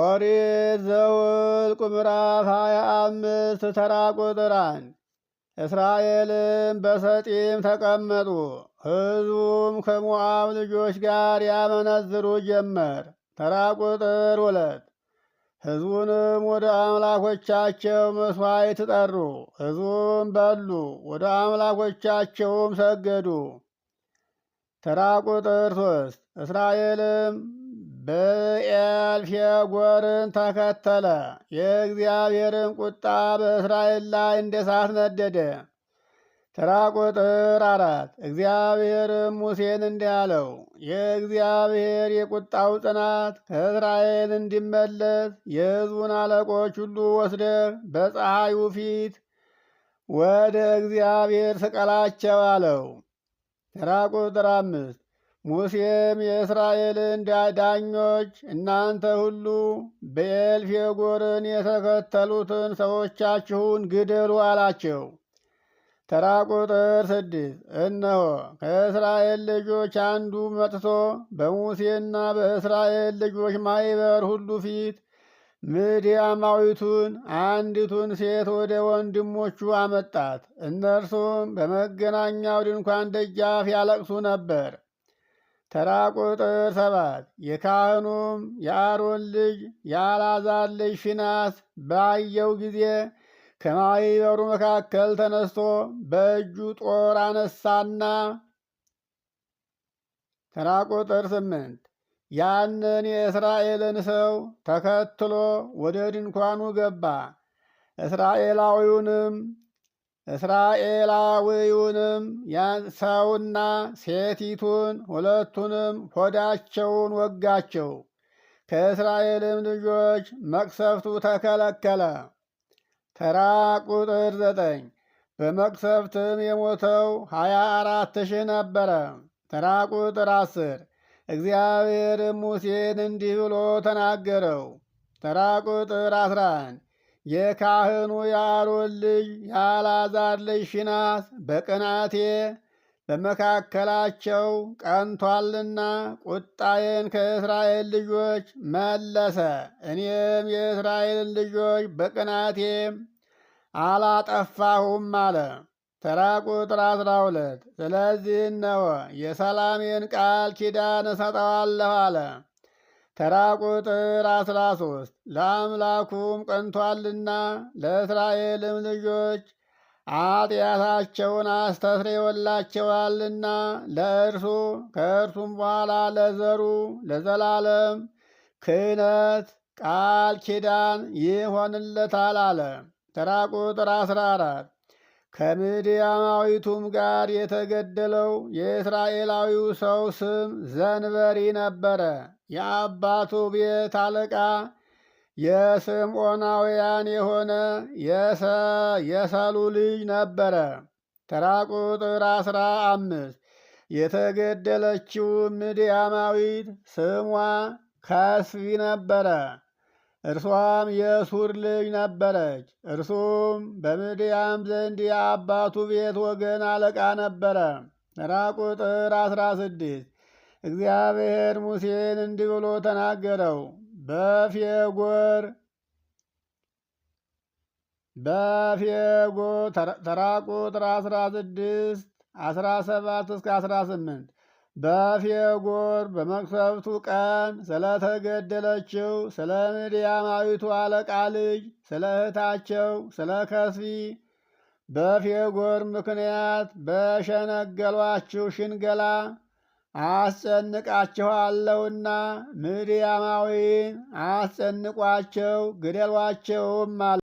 ኦሪት ዘውልቁ ምዕራፍ ሀያ አምስት ተራ ቁጥር አንድ እስራኤልም በሰጢም ተቀመጡ። ሕዝቡም ከሞዓብ ልጆች ጋር ያመነዝሩ ጀመር። ተራ ቁጥር ሁለት ሕዝቡንም ወደ አምላኮቻቸው መስዋዕት ጠሩ። ሕዝቡም በሉ፣ ወደ አምላኮቻቸውም ሰገዱ። ተራ ቁጥር ሶስት እስራኤልም በኤልፌጎርን ተከተለ። የእግዚአብሔርን ቁጣ በእስራኤል ላይ እንደ እሳት ነደደ። ተራ ቁጥር አራት እግዚአብሔርም ሙሴን እንዲህ አለው፣ የእግዚአብሔር የቁጣው ጽናት ከእስራኤል እንዲመለስ የሕዝቡን አለቆች ሁሉ ወስደህ በፀሐዩ ፊት ወደ እግዚአብሔር ስቀላቸው አለው። ተራ ቁጥር አምስት ሙሴም የእስራኤልን ዳኞች እናንተ ሁሉ በኤልፌጎርን የተከተሉትን ሰዎቻችሁን ግደሉ አላቸው። ተራ ቁጥር ስድስት እነሆ ከእስራኤል ልጆች አንዱ መጥቶ በሙሴና በእስራኤል ልጆች ማይበር ሁሉ ፊት ምድያማዊቱን አንዲቱን ሴት ወደ ወንድሞቹ አመጣት። እነርሱም በመገናኛው ድንኳን ደጃፍ ያለቅሱ ነበር። ተራ ቁጥር ሰባት የካህኑም የአሮን ልጅ የአልዓዛር ልጅ ፊናስ ባየው ጊዜ ከማይበሩ መካከል ተነስቶ በእጁ ጦር አነሳና ተራ ቁጥር ስምንት ያንን የእስራኤልን ሰው ተከትሎ ወደ ድንኳኑ ገባ። እስራኤላዊውንም እስራኤላዊውን ዳዊትም ሰውና ሴቲቱን ሁለቱንም ሆዳቸውን ወጋቸው። ከእስራኤልም ልጆች መቅሰፍቱ ተከለከለ። ተራ ቁጥር ዘጠኝ በመቅሰፍትም የሞተው ሀያ አራት ሺህ ነበረ። ተራ ቁጥር አስር እግዚአብሔርም ሙሴን እንዲህ ብሎ ተናገረው። ተራ ቁጥር አስራ አንድ የካህኑ የአሮን ልጅ የአልዓዛር ልጅ ፊናስ በቅናቴ በመካከላቸው ቀንቷልና ቁጣዬን ከእስራኤል ልጆች መለሰ። እኔም የእስራኤልን ልጆች በቅናቴ አላጠፋሁም አለ። ተራ ቁጥር አስራ ሁለት ስለዚህ እነሆ የሰላሜን ቃል ኪዳን እሰጠዋለሁ አለ። ተራ ቁጥር አስራ ሶስት ለአምላኩም ቀንቷልና ለእስራኤልም ልጆች ኃጢአታቸውን አስተስሬወላቸዋልና ለእርሱ ከእርሱም በኋላ ለዘሩ ለዘላለም ክህነት ቃል ኪዳን ይሆንለታል አለ። ተራ ቁጥር አስራ አራት ከምድያማዊቱም ጋር የተገደለው የእስራኤላዊው ሰው ስም ዘንበሪ ነበረ። የአባቱ ቤት አለቃ የስምዖናውያን የሆነ የሰሉ ልጅ ነበረ። ተራ ቁጥር አስራ አምስት የተገደለችው ምድያማዊት ስሟ ከስቢ ነበረ። እርሷም የሱር ልጅ ነበረች። እርሱም በምድያም ዘንድ የአባቱ ቤት ወገን አለቃ ነበረ። ተራ ቁጥር አስራ ስድስት እግዚአብሔር ሙሴን እንዲህ ብሎ ተናገረው። በፌጎር በፌጎ ተራ ቁጥር አስራ ስድስት አስራ ሰባት እስከ አስራ ስምንት በፌጎር በመቅሰፍቱ ቀን ስለተገደለችው ስለ ምድያማዊቱ አለቃ ልጅ ስለ እህታቸው ስለ ከስቢ በፌጎር ምክንያት በሸነገሏችሁ ሽንገላ አስጨንቃችኋለሁና ምድያማዊን አስጨንቋቸው ግደሏቸውም አለ።